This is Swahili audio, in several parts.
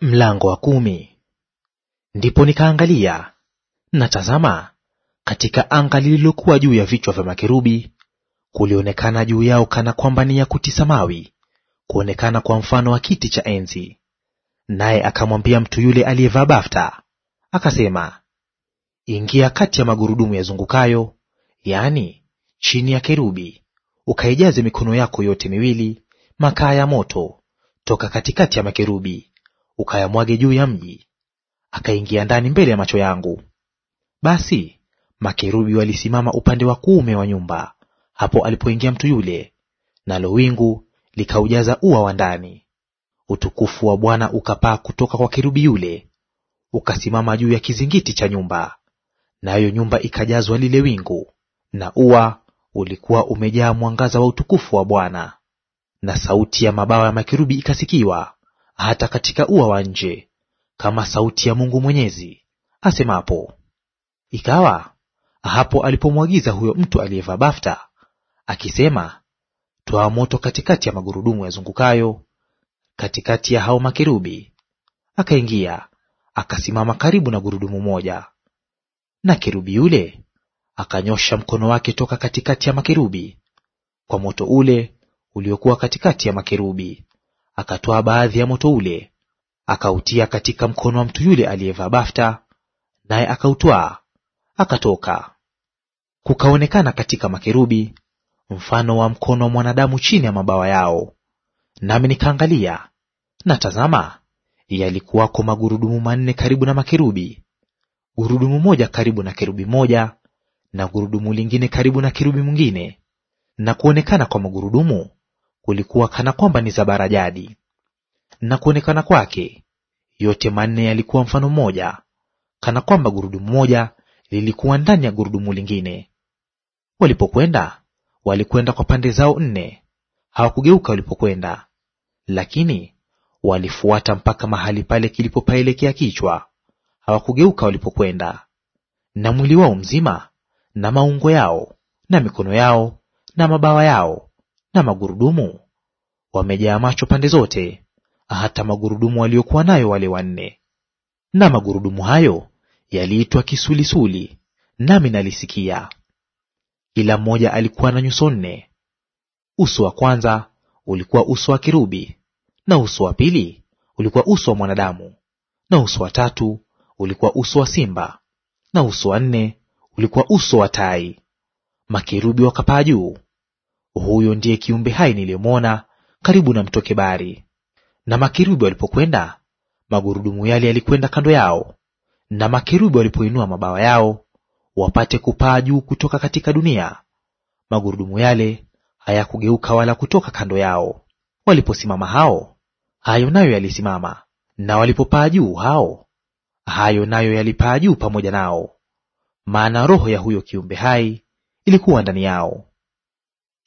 Mlango wa kumi. Ndipo nikaangalia na tazama, katika anga lililokuwa juu ya vichwa vya makerubi kulionekana juu yao kana kwamba ni yakuti samawi, kuonekana kwa mfano wa kiti cha enzi. Naye akamwambia mtu yule aliyevaa bafta akasema, ingia kati ya magurudumu yazungukayo, yaani chini ya kerubi, ukaijaze mikono yako yote miwili makaa ya moto toka katikati ya makerubi ukayamwage juu ya mji, akaingia ndani mbele ya macho yangu. Basi makerubi walisimama upande wa kuume wa nyumba hapo alipoingia mtu yule, nalo wingu likaujaza ua wa ndani. Utukufu wa Bwana ukapaa kutoka kwa kerubi yule ukasimama juu ya kizingiti cha nyumba, nayo nyumba ikajazwa lile wingu, na ua ulikuwa umejaa mwangaza wa utukufu wa Bwana. Na sauti ya mabawa ya makerubi ikasikiwa hata katika ua wa nje, kama sauti ya Mungu Mwenyezi asemapo. Ikawa hapo alipomwagiza huyo mtu aliyevaa bafta akisema, toa moto katikati ya magurudumu yazungukayo, katikati ya hao makerubi, akaingia akasimama karibu na gurudumu moja, na kerubi yule akanyosha mkono wake toka katikati ya makerubi kwa moto ule uliokuwa katikati ya makerubi, akatoa baadhi ya moto ule akautia katika mkono wa mtu yule aliyevaa bafta, naye akautwaa akatoka. Kukaonekana katika makerubi mfano wa mkono wa mwanadamu chini ya mabawa yao. Nami nikaangalia, na tazama, yalikuwako magurudumu manne karibu na makerubi, gurudumu moja karibu na kerubi moja, na gurudumu lingine karibu na kerubi mwingine. Na kuonekana kwa magurudumu kulikuwa kana kwamba ni zabara jadi, Na kuonekana kwake yote manne yalikuwa mfano mmoja, kana kwamba gurudumu moja lilikuwa ndani ya gurudumu lingine. Walipokwenda walikwenda kwa pande zao nne, hawakugeuka walipokwenda, lakini walifuata mpaka mahali pale kilipopaelekea kichwa, hawakugeuka walipokwenda. Na mwili wao mzima na maungo yao na mikono yao na mabawa yao na magurudumu wamejaa macho pande zote, hata magurudumu waliokuwa nayo wale wanne. Na magurudumu hayo yaliitwa kisulisuli, nami nalisikia. Kila mmoja alikuwa na nyuso nne. Uso wa kwanza ulikuwa uso wa kirubi, na uso wa pili ulikuwa uso wa mwanadamu, na uso wa tatu ulikuwa uso wa simba, na uso wa nne ulikuwa uso wa tai. Makerubi wakapaa juu, huyo ndiye kiumbe hai niliyemwona karibu na mto Kebari. Na makerubi walipokwenda, magurudumu yale yalikwenda kando yao, na makerubi walipoinua mabawa yao wapate kupaa juu kutoka katika dunia, magurudumu yale hayakugeuka wala kutoka kando yao. Waliposimama hao, hayo nayo yalisimama, na walipopaa juu hao, hayo nayo yalipaa juu pamoja nao, maana roho ya huyo kiumbe hai ilikuwa ndani yao.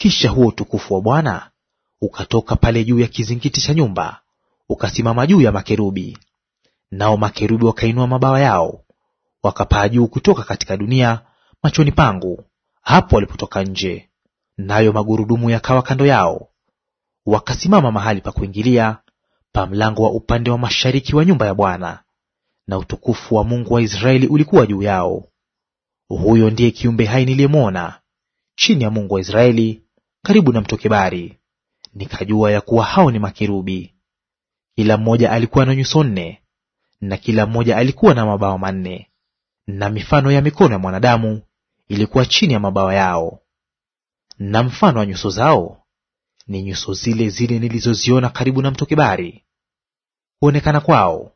Kisha huo utukufu wa Bwana ukatoka pale juu ya kizingiti cha nyumba, ukasimama juu ya makerubi. Nao makerubi wakainua mabawa yao, wakapaa juu kutoka katika dunia machoni pangu, hapo walipotoka nje; nayo magurudumu yakawa kando yao. Wakasimama mahali pa kuingilia pa mlango wa upande wa mashariki wa nyumba ya Bwana, na utukufu wa Mungu wa Israeli ulikuwa juu yao. Huyo ndiye kiumbe hai niliyemwona chini ya Mungu wa Israeli karibu na mto Kebari, nikajua ya kuwa hao ni makirubi Kila mmoja alikuwa na nyuso nne, na kila mmoja alikuwa na mabawa manne, na mifano ya mikono ya mwanadamu ilikuwa chini ya mabawa yao. Na mfano wa nyuso zao ni nyuso zile zile nilizoziona karibu na mto Kebari. Kuonekana kwao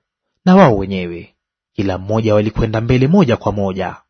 na wao wenyewe, kila mmoja walikwenda mbele moja kwa moja.